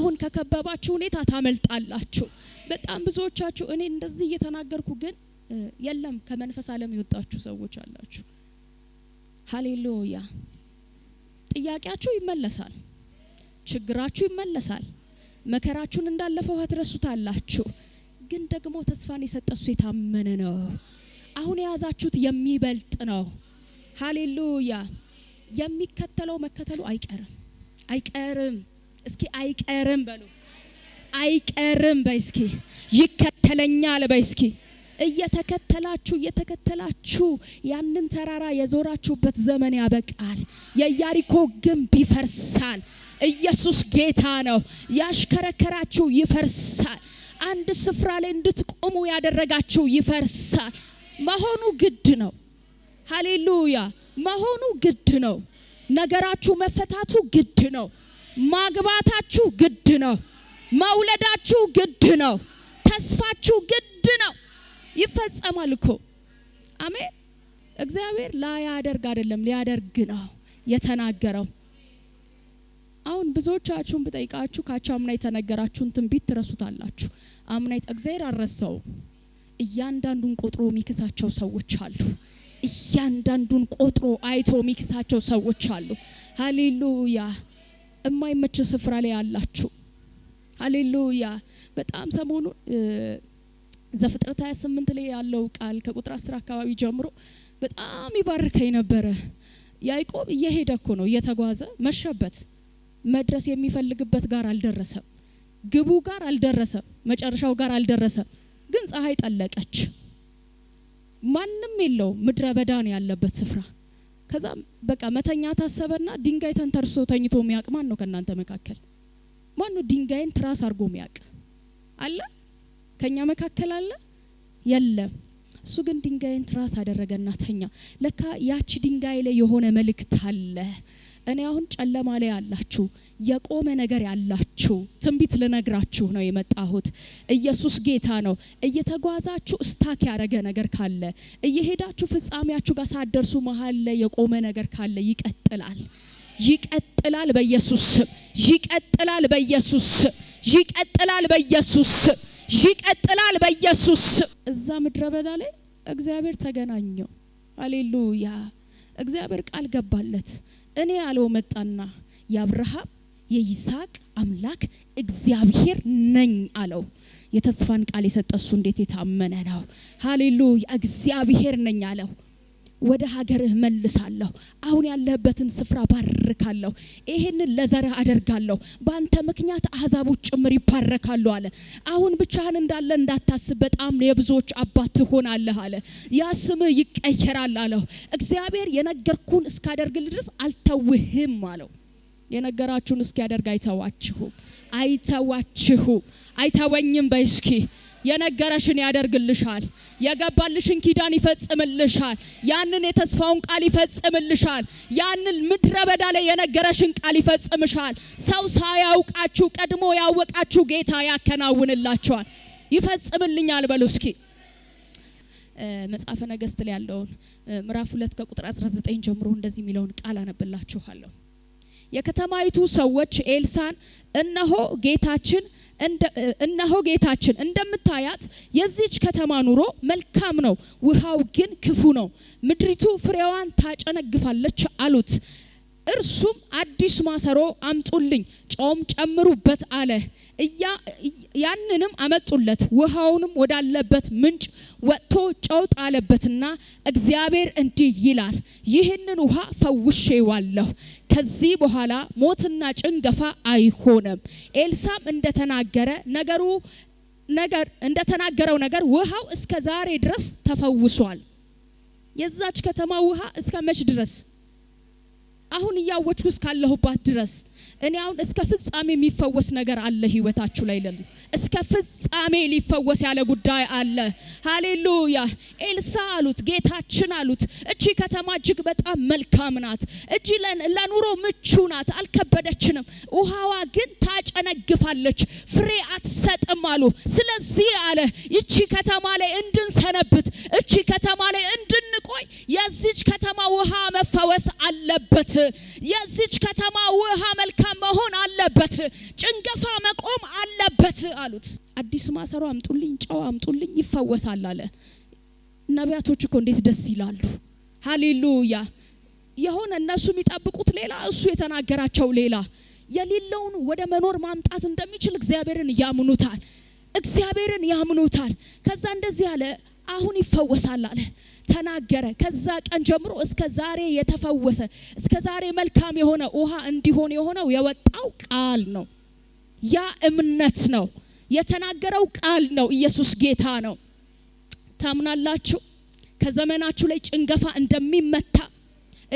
አሁን ከከበባችሁ ሁኔታ ታመልጣላችሁ። በጣም ብዙዎቻችሁ እኔ እንደዚህ እየተናገርኩ ግን የለም ከመንፈስ ዓለም የወጣችሁ ሰዎች አላችሁ። ሀሌሉያ። ጥያቄያችሁ ይመለሳል፣ ችግራችሁ ይመለሳል፣ መከራችሁን እንዳለፈው አትረሱታላችሁ። ግን ደግሞ ተስፋን የሰጠ እሱ የታመነ ነው። አሁን የያዛችሁት የሚበልጥ ነው። ሀሌሉያ። የሚከተለው መከተሉ አይቀርም አይቀርም። እስኪ አይቀርም በሉ። አይቀርም በይ እስኪ። ይከተለኛል በይ እስኪ። እየተከተላችሁ እየተከተላችሁ ያንን ተራራ የዞራችሁበት ዘመን ያበቃል። የያሪኮ ግንብ ይፈርሳል። ኢየሱስ ጌታ ነው። ያሽከረከራችሁ ይፈርሳል። አንድ ስፍራ ላይ እንድትቆሙ ያደረጋችሁ ይፈርሳል። መሆኑ ግድ ነው። ሃሌሉያ! መሆኑ ግድ ነው። ነገራችሁ መፈታቱ ግድ ነው። ማግባታችሁ ግድ ነው። መውለዳችሁ ግድ ነው። ተስፋችሁ ግድ ነው። ይፈጸማል እኮ አሜን። እግዚአብሔር ላያደርግ አይደለም ሊያደርግ ነው የተናገረው። አሁን ብዙዎቻችሁን ብጠይቃችሁ ካቸው አምና የተነገራችሁን ትንቢት ትረሱታላችሁ። አምና እግዚአብሔር አልረሳውም። እያንዳንዱን ቆጥሮ የሚክሳቸው ሰዎች አሉ። እያንዳንዱን ቆጥሮ አይቶ የሚክሳቸው ሰዎች አሉ። ሀሌሉያ የማይመች ስፍራ ላይ አላችሁ። ሀሌሉያ። በጣም ሰሞኑን ዘፍጥረት 28 ላይ ያለው ቃል ከቁጥር 10 አካባቢ ጀምሮ በጣም ይባርከኝ ነበረ። ያዕቆብ እየሄደ እኮ ነው እየተጓዘ መሸበት። መድረስ የሚፈልግበት ጋር አልደረሰም። ግቡ ጋር አልደረሰም። መጨረሻው ጋር አልደረሰም። ግን ፀሐይ ጠለቀች። ማንም የለው ምድረ በዳን ያለበት ስፍራ ከዛ በቃ መተኛ ታሰበና ድንጋይ ተንተርሶ ተኝቶ ሚያቅ ማን ነው ከእናንተ መካከል? ማን ነው ድንጋይን ትራስ አድርጎ ሚያቅ አለ? ከኛ መካከል አለ? የለም። እሱ ግን ድንጋይን ትራስ አደረገና ተኛ። ለካ ያቺ ድንጋይ ላይ የሆነ መልእክት አለ። እኔ አሁን ጨለማ ላይ አላችሁ የቆመ ነገር ያላችሁ ትንቢት ልነግራችሁ ነው የመጣሁት። ኢየሱስ ጌታ ነው። እየተጓዛችሁ እስታክ ያደረገ ነገር ካለ እየሄዳችሁ ፍጻሜያችሁ ጋር ሳደርሱ መሀል ላይ የቆመ ነገር ካለ ይቀጥላል፣ ይቀጥላል በኢየሱስ ይቀጥላል፣ በኢየሱስ ይቀጥላል፣ በኢየሱስ ይቀጥላል፣ በኢየሱስ እዛ ምድረ በዳ ላይ እግዚአብሔር ተገናኘው። አሌሉያ! እግዚአብሔር ቃል ገባለት። እኔ ያለው መጣና የአብርሃም የይስሐቅ አምላክ እግዚአብሔር ነኝ አለው። የተስፋን ቃል የሰጠ እሱ እንዴት የታመነ ነው! ሃሌሉያ! እግዚአብሔር ነኝ አለው። ወደ ሀገርህ መልሳለሁ። አሁን ያለህበትን ስፍራ ባርካለሁ። ይሄንን ለዘርህ አደርጋለሁ። በአንተ ምክንያት አህዛቦች ጭምር ይባረካሉ አለ። አሁን ብቻህን እንዳለ እንዳታስብ፣ በጣም የብዙዎች አባት ትሆናለህ አለ። ያ ስምህ ይቀየራል አለው። እግዚአብሔር የነገርኩን እስካደርግልህ ድረስ አልተውህም አለው። የነገራችሁን እስኪ ያደርግ አይተዋችሁም፣ አይተዋችሁም፣ አይተወኝም በይ እስኪ የነገረሽን ያደርግልሻል። የገባልሽን ኪዳን ይፈጽምልሻል። ያንን የተስፋውን ቃል ይፈጽምልሻል። ያንን ምድረ በዳ ላይ የነገረሽን ቃል ይፈጽምሻል። ሰው ሳያውቃችሁ ቀድሞ ያወቃችሁ ጌታ ያከናውንላችኋል ይፈጽምልኛል በሉ እስኪ መጽሐፈ ነገስት ላይ ያለውን ምዕራፍ ሁለት ከቁጥር 19 ጀምሮ እንደዚህ የሚለውን ቃል አነብላችኋለሁ። የከተማይቱ ሰዎች ኤልሳን እነሆ ጌታችን እነሆ ጌታችን እንደምታያት የዚች ከተማ ኑሮ መልካም ነው፣ ውሃው ግን ክፉ ነው፣ ምድሪቱ ፍሬዋን ታጨነግፋለች አሉት። እርሱም አዲስ ማሰሮ አምጡልኝ፣ ጨውም ጨምሩበት አለ። ያንንም አመጡለት። ውሃውንም ወዳለበት ምንጭ ወጥቶ ጨው ጣለበትና እግዚአብሔር እንዲህ ይላል ይህንን ውሃ ፈውሼዋለሁ፣ ከዚህ በኋላ ሞትና ጭንገፋ አይሆንም። ኤልሳም እንደተናገረ ነገሩ ነገር እንደተናገረው ነገር ውሃው እስከ ዛሬ ድረስ ተፈውሷል። የዛች ከተማ ውሃ እስከ መች ድረስ አሁን እያወችኩ እስካለሁባት ድረስ እኔ አሁን እስከ ፍጻሜ የሚፈወስ ነገር አለ ህይወታችሁ ላይ ለሉ እስከ ፍጻሜ ሊፈወስ ያለ ጉዳይ አለ። ሃሌሉያ። ኤልሳ አሉት ጌታችን አሉት እቺ ከተማ እጅግ በጣም መልካም ናት፣ እጅ ለኑሮ ምቹ ናት፣ አልከበደችንም። ውሃዋ ግን ታጨነግፋለች፣ ፍሬ አትሰጥም አሉ። ስለዚህ አለ እቺ ከተማ ላይ እንድንሰነብት፣ እቺ ከተማ ላይ እንድንቆይ የዚች ከተማ ውሃ መፈወስ አለበት። የዚች ከተማ ውሃ መልካም መሆን አለበት፣ ጭንገፋ መቆም አለበት አሉት። አዲስ ማሰሮ አምጡልኝ፣ ጨው አምጡልኝ ይፈወሳል አለ። ነቢያቶች እኮ እንዴት ደስ ይላሉ! ሀሌሉያ! የሆነ እነሱ የሚጠብቁት ሌላ፣ እሱ የተናገራቸው ሌላ። የሌለውን ወደ መኖር ማምጣት እንደሚችል እግዚአብሔርን ያምኑታል። እግዚአብሔርን ያምኑታል። ከዛ እንደዚህ አለ፣ አሁን ይፈወሳል አለ። ተናገረ። ከዛ ቀን ጀምሮ እስከ ዛሬ የተፈወሰ እስከ ዛሬ መልካም የሆነ ውሃ እንዲሆን የሆነው የወጣው ቃል ነው። ያ እምነት ነው። የተናገረው ቃል ነው። ኢየሱስ ጌታ ነው። ታምናላችሁ? ከዘመናችሁ ላይ ጭንገፋ እንደሚመታ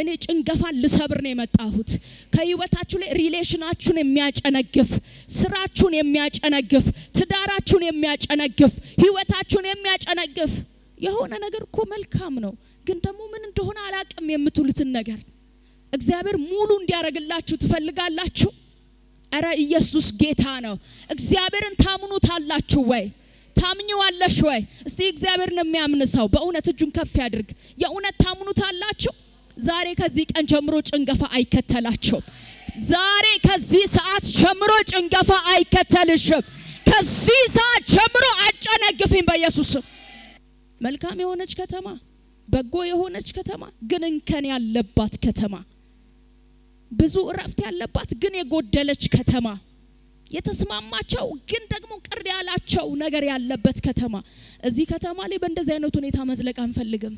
እኔ ጭንገፋን ልሰብር ነው የመጣሁት። ከህይወታችሁ ላይ ሪሌሽናችሁን የሚያጨነግፍ ስራችሁን የሚያጨነግፍ ትዳራችሁን የሚያጨነግፍ ህይወታችሁን የሚያጨነግፍ የሆነ ነገር እኮ መልካም ነው፣ ግን ደግሞ ምን እንደሆነ አላቅም የምትሉትን ነገር እግዚአብሔር ሙሉ እንዲያደርግላችሁ ትፈልጋላችሁ? እረ ኢየሱስ ጌታ ነው። እግዚአብሔርን ታምኑታላችሁ ወይ? ታምኚዋለሽ ወይ? እስቲ እግዚአብሔርን የሚያምን ሰው በእውነት እጁን ከፍ ያድርግ። የእውነት ታምኑታላችሁ? ዛሬ ከዚህ ቀን ጀምሮ ጭንገፋ አይከተላችሁም። ዛሬ ከዚህ ሰዓት ጀምሮ ጭንገፋ አይከተልሽም። ከዚህ ሰዓት ጀምሮ አጨነግፊም በኢየሱስም መልካም የሆነች ከተማ፣ በጎ የሆነች ከተማ፣ ግን እንከን ያለባት ከተማ፣ ብዙ እረፍት ያለባት ግን የጎደለች ከተማ፣ የተስማማቸው ግን ደግሞ ቅር ያላቸው ነገር ያለበት ከተማ። እዚህ ከተማ ላይ በእንደዚህ አይነት ሁኔታ መዝለቅ አንፈልግም።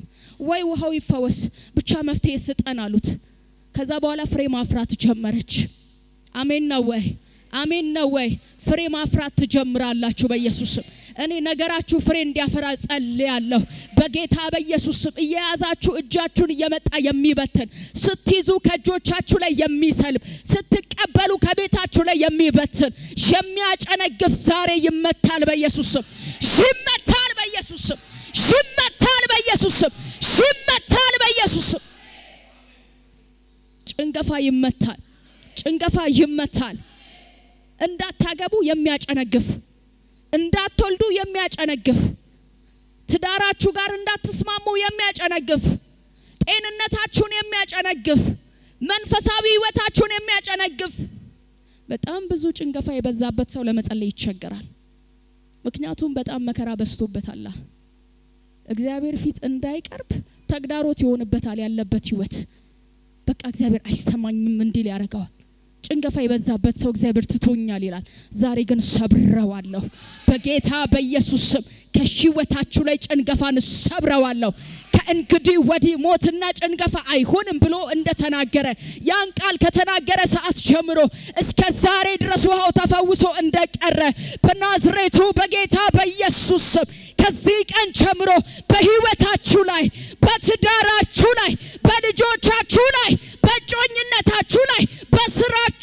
ወይ ውሃው ይፈወስ ብቻ መፍትሄ ስጠን አሉት። ከዛ በኋላ ፍሬ ማፍራት ጀመረች። አሜን ነው ወይ? አሜን ነው ወይ? ፍሬ ማፍራት ትጀምራላችሁ በኢየሱስም እኔ ነገራችሁ ፍሬ እንዲያፈራ ጸልያለሁ በጌታ በኢየሱስ ስም። እየያዛችሁ እጃችሁን እየመጣ የሚበትን ስትይዙ ከእጆቻችሁ ላይ የሚሰልብ ስትቀበሉ ከቤታችሁ ላይ የሚበትን የሚያጨነግፍ ዛሬ ይመታል በኢየሱስ ስም። ይመታል በኢየሱስ ስም። ይመታል በኢየሱስ ስም። ይመታል በኢየሱስ ስም። ጭንገፋ ይመታል። ጭንገፋ ይመታል። እንዳታገቡ የሚያጨነግፍ እንዳትወልዱ የሚያጨነግፍ ትዳራችሁ ጋር እንዳትስማሙ የሚያጨነግፍ ጤንነታችሁን የሚያጨነግፍ መንፈሳዊ ህይወታችሁን የሚያጨነግፍ በጣም ብዙ ጭንገፋ የበዛበት ሰው ለመጸለይ ይቸገራል። ምክንያቱም በጣም መከራ በዝቶበታል። እግዚአብሔር ፊት እንዳይቀርብ ተግዳሮት ይሆንበታል ያለበት ህይወት። በቃ እግዚአብሔር አይሰማኝም እንዲል ያደርገዋል። ጭንገፋ የበዛበት ሰው እግዚአብሔር ትቶኛል ይላል። ዛሬ ግን ሰብረዋለሁ በጌታ በኢየሱስ ስም። ከህይወታችሁ ላይ ጭንገፋን ሰብረዋለሁ። ከእንግዲህ ወዲህ ሞትና ጭንገፋ አይሆንም ብሎ እንደተናገረ ያን ቃል ከተናገረ ሰዓት ጀምሮ እስከ ዛሬ ድረስ ውሃው ተፈውሶ እንደቀረ በናዝሬቱ በጌታ በኢየሱስ ስም ከዚህ ቀን ጀምሮ በህይወታችሁ ላይ፣ በትዳራችሁ ላይ፣ በልጆቻችሁ ላይ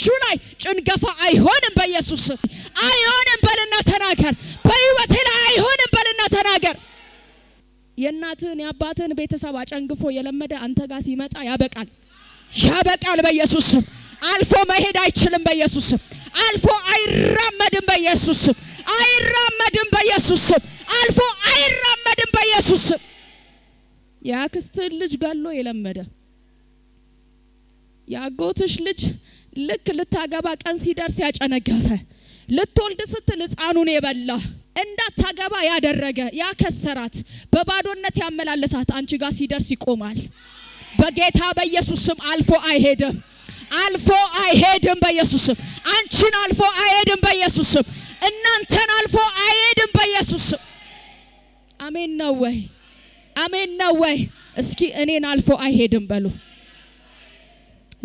በልጆቹ ላይ ጭንገፋ አይሆንም፣ በኢየሱስ አይሆንም በልና ተናገር። በህይወቴ ላይ አይሆንም በልና ተናገር። የእናትን የአባትን ቤተሰብ አጨንግፎ የለመደ አንተ ጋር ሲመጣ ያበቃል፣ ያበቃል በኢየሱስ አልፎ መሄድ አይችልም በኢየሱስ አልፎ አይራመድም በኢየሱስ አይራመድም በኢየሱስ አልፎ አይራመድም በኢየሱስ የአክስትህን ልጅ ጋሎ የለመደ የአጎትሽ ልጅ ልክ ልታገባ ቀን ሲደርስ ያጨነገፈ፣ ልትወልድ ስትል ሕፃኑን የበላ እንዳታገባ ያደረገ ያከሰራት፣ በባዶነት ያመላለሳት አንቺ ጋር ሲደርስ ይቆማል። በጌታ በኢየሱስ ስም አልፎ አይሄድም፣ አልፎ አይሄድም። በኢየሱስ ስም አንቺን አልፎ አይሄድም። በኢየሱስ ስም እናንተን አልፎ አይሄድም። በኢየሱስ ስም አሜን ነው ወይ? አሜን ነው ወይ? እስኪ እኔን አልፎ አይሄድም በሉ።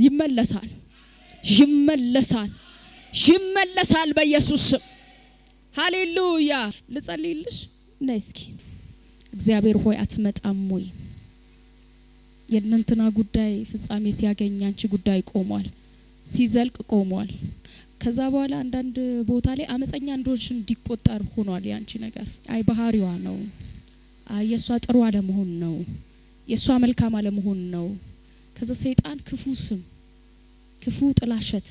ይመለሳል። ይመለሳል፣ ይመለሳል በኢየሱስ ስም። ሃሌሉያ። ልጸልይልሽ ነይ እስኪ። እግዚአብሔር ሆይ አትመጣም ወይ? የእነንትና ጉዳይ ፍጻሜ ሲያገኝ አንቺ ጉዳይ ቆሟል፣ ሲዘልቅ ቆሟል። ከዛ በኋላ አንዳንድ ቦታ ላይ አመፀኛ እንደሆንሽ እንዲቆጠር ሆኗል። ያንቺ ነገር አይ ባህሪዋ ነው፣ አይ የእሷ ጥሩ አለመሆን ነው፣ የእሷ መልካም አለመሆን ነው። ከዛ ሰይጣን ክፉ ስም ክፉ ጥላሸት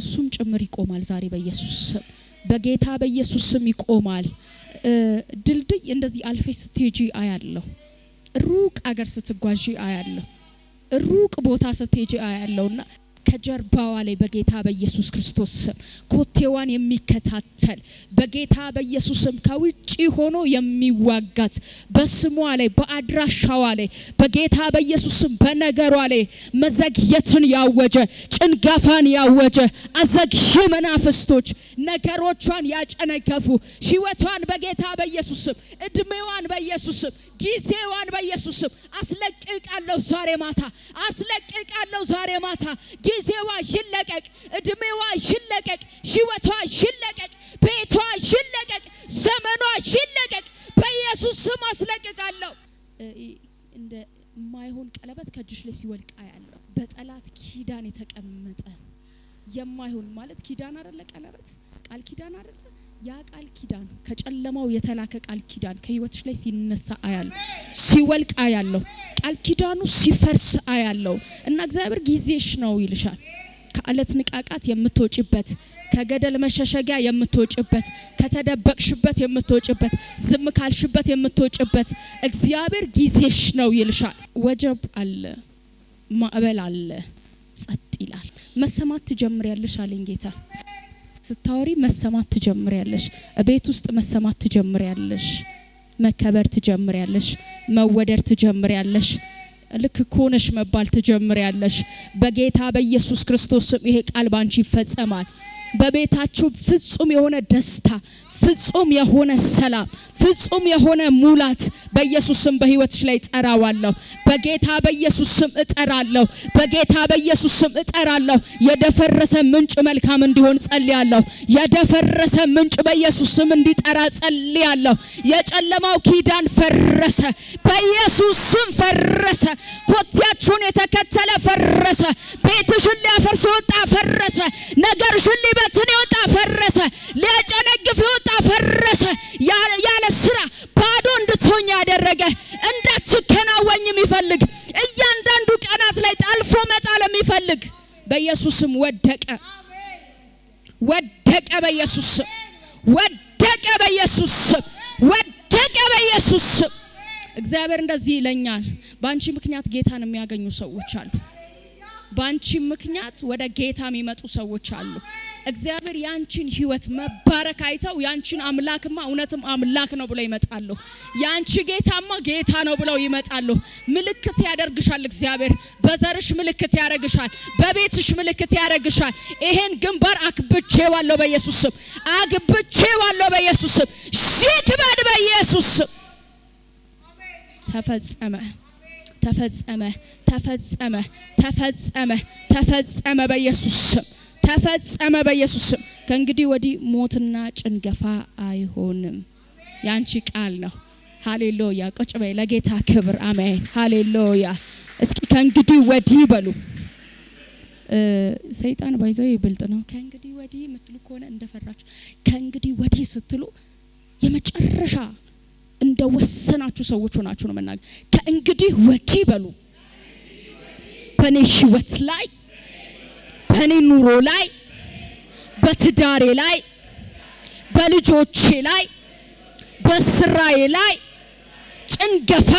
እሱም ጭምር ይቆማል ዛሬ በኢየሱስ ስም በጌታ በኢየሱስ ስም ይቆማል። ድልድይ እንደዚህ አልፌ ስትሄጂ አያለሁ። ሩቅ አገር ስትጓዥ አያለሁ። ሩቅ ቦታ ስትሄጂ አያለሁና ከጀርባዋ ላይ በጌታ በኢየሱስ ክርስቶስ ስም ኮቴዋን የሚከታተል በጌታ በኢየሱስ ስም ከውጪ ሆኖ የሚዋጋት በስሟ ላይ በአድራሻዋ ላይ በጌታ በኢየሱስ ስም በነገሯ ላይ መዘግየትን ያወጀ ጭንጋፋን ያወጀ አዘግዩ መናፍስቶች ነገሮቿን ያጨነገፉ ሕይወቷን በጌታ በኢየሱስ ስም እድሜዋን በኢየሱስ ስም ጊዜዋን በኢየሱስ ስም አስለቅቃለሁ ዛሬ ማታ አስለቅቃለሁ ዛሬ ማታ ጊዜዋ ይለቀቅ፣ እድሜዋ ይለቀቅ፣ ሕይወቷ ይለቀቅ፣ ቤቷ ይለቀቅ፣ ዘመኗ ይለቀቅ። በኢየሱስ ስም አስለቅቃለሁ። እንደ የማይሆን ቀለበት ከእጅሽ ላይ ሲወልቅ አያለሁ። በጠላት ኪዳን የተቀመጠ የማይሆን ማለት ኪዳን አይደለ? ቀለበት ቃል ኪዳን አይደለ? ያ ቃል ኪዳን ከጨለማው የተላከ ቃል ኪዳን ከህይወትሽ ላይ ሲነሳ አያለሁ፣ ሲወልቅ አያለሁ፣ ቃል ኪዳኑ ሲፈርስ አያለሁ እና እግዚአብሔር ጊዜሽ ነው ይልሻል። ከአለት ንቃቃት የምትወጪበት፣ ከገደል መሸሸጊያ የምትወጪበት፣ ከተደበቅሽበት የምትወጪበት፣ ዝም ካልሽበት የምትወጪበት እግዚአብሔር ጊዜሽ ነው ይልሻል። ወጀብ አለ፣ ማዕበል አለ፣ ጸጥ ይላል። መሰማት ትጀምሪያለሽ አለኝ ጌታ ስታወሪ መሰማት ትጀምሪያለሽ። ቤት ውስጥ መሰማት ትጀምሪያለሽ። መከበር ትጀምሪያለሽ። መወደድ ትጀምሪያለሽ። ልክ ኮነሽ መባል ትጀምሪያለሽ። በጌታ በኢየሱስ ክርስቶስ ስም ይሄ ቃል ባንቺ ይፈጸማል። በቤታችሁ ፍጹም የሆነ ደስታ፣ ፍጹም የሆነ ሰላም፣ ፍጹም የሆነ ሙላት በኢየሱስ ስም በህይወትሽ ላይ እጠራዋለሁ። በጌታ በኢየሱስ ስም እጠራለሁ። በጌታ በኢየሱስ ስም እጠራለሁ። የደፈረሰ ምንጭ መልካም እንዲሆን ጸልያለሁ። የደፈረሰ ምንጭ በኢየሱስ ስም እንዲጠራ ጸልያለሁ። የጨለማው ኪዳን ፈረሰ፣ በኢየሱስ ስም ፈረሰ። ኮቴያችሁን የተከተለ ፈረሰ። ቤትሽን ሊያፈርስ ወጣ፣ ፈረሰ። ነገርሽን ሊበትን ወጣ፣ ፈረሰ። ያፈረሰ ያለ ስራ ባዶ እንድትሆኝ ያደረገ እንዳትከናወኝ የሚፈልግ እያንዳንዱ ቀናት ላይ ጠልፎ መጣል የሚፈልግ በኢየሱስም ወደቀ፣ ወደቀ፣ በኢየሱስ ወደቀ፣ በኢየሱስ ወደቀ፣ በኢየሱስ እግዚአብሔር እንደዚህ ይለኛል። በአንቺ ምክንያት ጌታን የሚያገኙ ሰዎች አሉ። በአንቺ ምክንያት ወደ ጌታ የሚመጡ ሰዎች አሉ። እግዚአብሔር ያንቺን ህይወት መባረክ አይተው ያንቺን አምላክማ እውነትም አምላክ ነው ብለው ይመጣሉ። ያንቺ ጌታማ ጌታ ነው ብለው ይመጣሉ። ምልክት ያደርግሻል። እግዚአብሔር በዘርሽ ምልክት ያደርግሻል። በቤትሽ ምልክት ያደርግሻል። ይሄን ግንባር አክብቼ ዋለው በኢየሱስ ስም፣ ዋለው በኢየሱስ ስም። ሽክበድ በኢየሱስ ስም ተፈጸመ ተፈጸመ ተፈጸመ ተፈጸመ ተፈጸመ በኢየሱስ ስም ተፈጸመ በኢየሱስ ስም። ከእንግዲህ ወዲህ ሞትና ጭንገፋ አይሆንም። ያንቺ ቃል ነው። ሃሌሉያ ቁጭ በይ። ለጌታ ክብር አሜን። ሃሌሉያ። እስኪ ከእንግዲህ ወዲህ በሉ። ሰይጣን ባይዘው ይብልጥ ነው። ከእንግዲህ ወዲህ የምትሉ ከሆነ እንደፈራችሁ ከእንግዲህ ወዲህ ስትሉ የመጨረሻ እንደ ወሰናችሁ ሰዎች ሆናችሁ ነው መናገር። ከእንግዲህ ወዲህ በሉ በእኔ ህይወት ላይ በእኔ ኑሮ ላይ፣ በትዳሬ ላይ፣ በልጆቼ ላይ፣ በስራዬ ላይ ጭንገፋ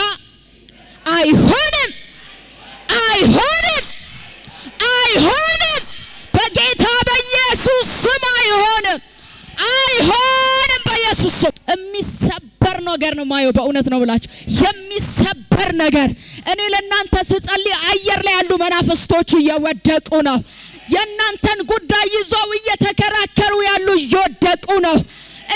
አይሆንም፣ አይሆንም፣ አይሆንም። በጌታ በኢየሱስ ስም አይሆንም፣ አይሆንም። በኢየሱስ ስም የሚሰበር ነገር ነው ማየው። በእውነት ነው ብላችሁ የሚሰበር ነገር እኔ ለእናንተ ስጸልይ አየር ላይ ያሉ መናፍስቶች እየወደቁ ነው። የእናንተን ጉዳይ ይዘው እየተከራከሩ ያሉ እየወደቁ ነው።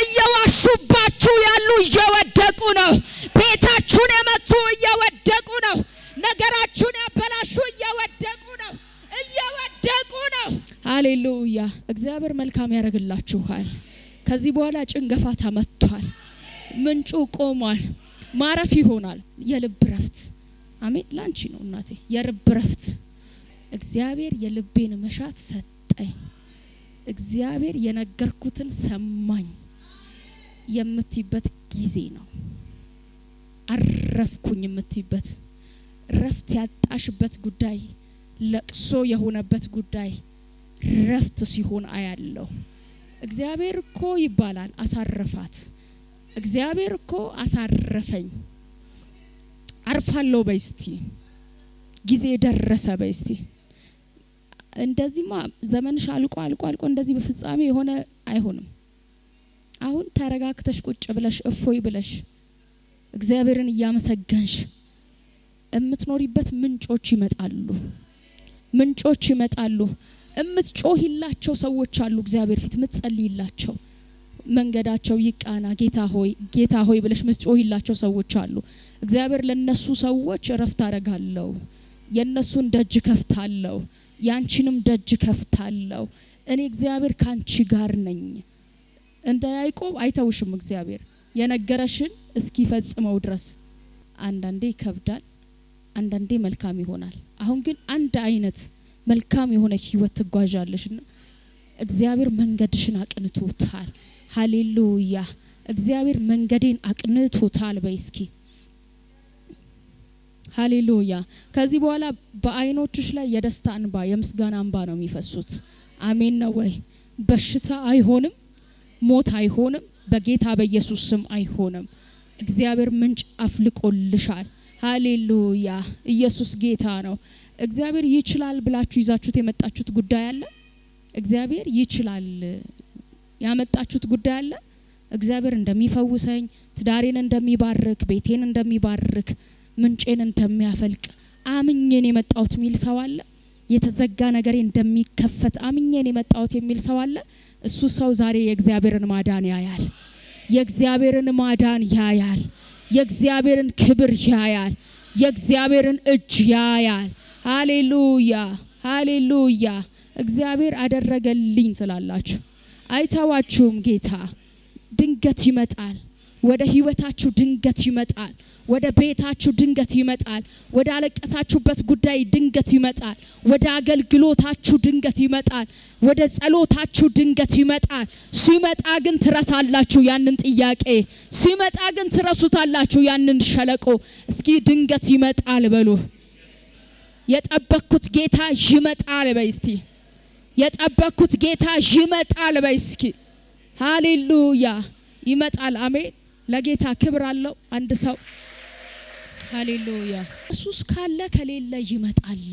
እየዋሹባችሁ ያሉ እየወደቁ ነው። ቤታችሁን የመቱ እየወደቁ ነው። ነገራችሁን ያበላሹ እየወደቁ ነው። እየወደቁ ነው። ሀሌሉያ እግዚአብሔር መልካም ያደርግላችኋል። ከዚህ በኋላ ጭንገፋ ተመቷል። ምንጩ ቆሟል። ማረፍ ይሆናል። የልብ ረፍት አሜን። ላንቺ ነው እናቴ የልብ ረፍት እግዚአብሔር የልቤን መሻት ሰጠኝ። እግዚአብሔር የነገርኩትን ሰማኝ የምትይበት ጊዜ ነው። አረፍኩኝ የምትይበት ረፍት ያጣሽበት ጉዳይ፣ ለቅሶ የሆነበት ጉዳይ ረፍት ሲሆን አያለው። እግዚአብሔር እኮ ይባላል አሳረፋት። እግዚአብሔር እኮ አሳረፈኝ። አርፋለሁ በይ እስቲ ጊዜ ደረሰ በይ እስቲ እንደዚህማ ዘመንሽ አልቆ አልቆ አልቆ እንደዚህ በፍጻሜ የሆነ አይሆንም። አሁን ተረጋግተሽ ቁጭ ብለሽ እፎይ ብለሽ እግዚአብሔርን እያመሰገንሽ እምትኖሪበት ምንጮች ይመጣሉ፣ ምንጮች ይመጣሉ። እምትጮሂላቸው ሰዎች አሉ፣ እግዚአብሔር ፊት ምትጸልይላቸው መንገዳቸው ይቃና ጌታ ሆይ ጌታ ሆይ ብለሽ ምትጮህላቸው ሰዎች አሉ። እግዚአብሔር ለነሱ ሰዎች እረፍት አደርጋለሁ፣ የነሱን ደጅ ከፍታለሁ። ያንቺንም ደጅ ከፍታለሁ። እኔ እግዚአብሔር ካንቺ ጋር ነኝ። እንደ ያዕቆብ አይተውሽም። እግዚአብሔር የነገረሽን እስኪፈጽመው ድረስ አንዳንዴ ይከብዳል፣ አንዳንዴ መልካም ይሆናል። አሁን ግን አንድ አይነት መልካም የሆነች ህይወት ና እግዚአብሔር መንገድሽን አቅንቶታል። ሀሌሉያ! እግዚአብሔር መንገዴን አቅንቶታል በይ እስኪ ሀሌሉያ። ከዚህ በኋላ በአይኖችሽ ላይ የደስታ እንባ፣ የምስጋና እንባ ነው የሚፈሱት። አሜን ነው ወይ? በሽታ አይሆንም፣ ሞት አይሆንም፣ በጌታ በኢየሱስ ስም አይሆንም። እግዚአብሔር ምንጭ አፍልቆልሻል። ሀሌሉያ። ኢየሱስ ጌታ ነው። እግዚአብሔር ይችላል ብላችሁ ይዛችሁት የመጣችሁት ጉዳይ አለ። እግዚአብሔር ይችላል ያመጣችሁት ጉዳይ አለ። እግዚአብሔር እንደሚፈውሰኝ፣ ትዳሬን እንደሚባርክ፣ ቤቴን እንደሚባርክ ምንጬን እንደሚያፈልቅ አምኜን የመጣሁት የሚል ሰው አለ። የተዘጋ ነገሬ እንደሚከፈት አምኜን የመጣሁት የሚል ሰው አለ። እሱ ሰው ዛሬ የእግዚአብሔርን ማዳን ያያል። የእግዚአብሔርን ማዳን ያያል። የእግዚአብሔርን ክብር ያያል። የእግዚአብሔርን እጅ ያያል። ሃሌሉያ ሃሌሉያ። እግዚአብሔር አደረገልኝ ትላላችሁ። አይተዋችሁም። ጌታ ድንገት ይመጣል። ወደ ህይወታችሁ ድንገት ይመጣል። ወደ ቤታችሁ ድንገት ይመጣል። ወደ አለቀሳችሁበት ጉዳይ ድንገት ይመጣል። ወደ አገልግሎታችሁ ድንገት ይመጣል። ወደ ጸሎታችሁ ድንገት ይመጣል። ሲመጣ ግን ትረሳላችሁ ያንን ጥያቄ፣ ሲመጣ ግን ትረሱታላችሁ ያንን ሸለቆ። እስኪ ድንገት ይመጣል በሉ። የጠበቅኩት ጌታ ይመጣል በይ እስቲ። የጠበቅኩት ጌታ ይመጣል በይ እስኪ። ሃሌሉያ! ይመጣል። አሜን ለጌታ ክብር አለው። አንድ ሰው ሃሌሉያ። ኢየሱስ ካለ ከሌለ ይመጣል።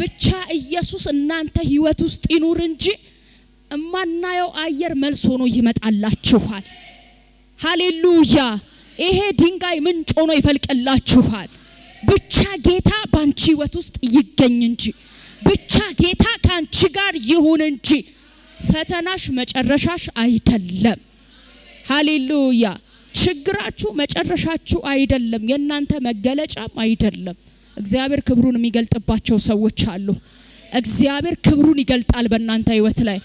ብቻ ኢየሱስ እናንተ ህይወት ውስጥ ይኑር እንጂ እማናየው አየር መልስ ሆኖ ይመጣላችኋል። ሃሌሉያ። ይሄ ድንጋይ ምንጭ ሆኖ ይፈልቅላችኋል። ብቻ ጌታ ባንቺ ህይወት ውስጥ ይገኝ እንጂ ብቻ ጌታ ከአንቺ ጋር ይሁን እንጂ ፈተናሽ መጨረሻሽ አይደለም። ሃሌሉያ ችግራችሁ መጨረሻችሁ አይደለም፣ የእናንተ መገለጫም አይደለም። እግዚአብሔር ክብሩን የሚገልጥባቸው ሰዎች አሉ። እግዚአብሔር ክብሩን ይገልጣል በእናንተ ህይወት ላይ።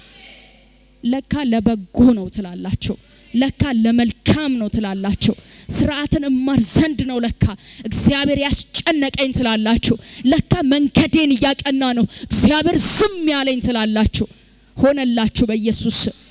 ለካ ለበጎ ነው ትላላችሁ፣ ለካ ለመልካም ነው ትላላችሁ። ስርዓትን እማር ዘንድ ነው ለካ እግዚአብሔር ያስጨነቀኝ ትላላችሁ። ለካ መንከዴን እያቀና ነው እግዚአብሔር ዝም ያለኝ ትላላችሁ። ሆነላችሁ በኢየሱስ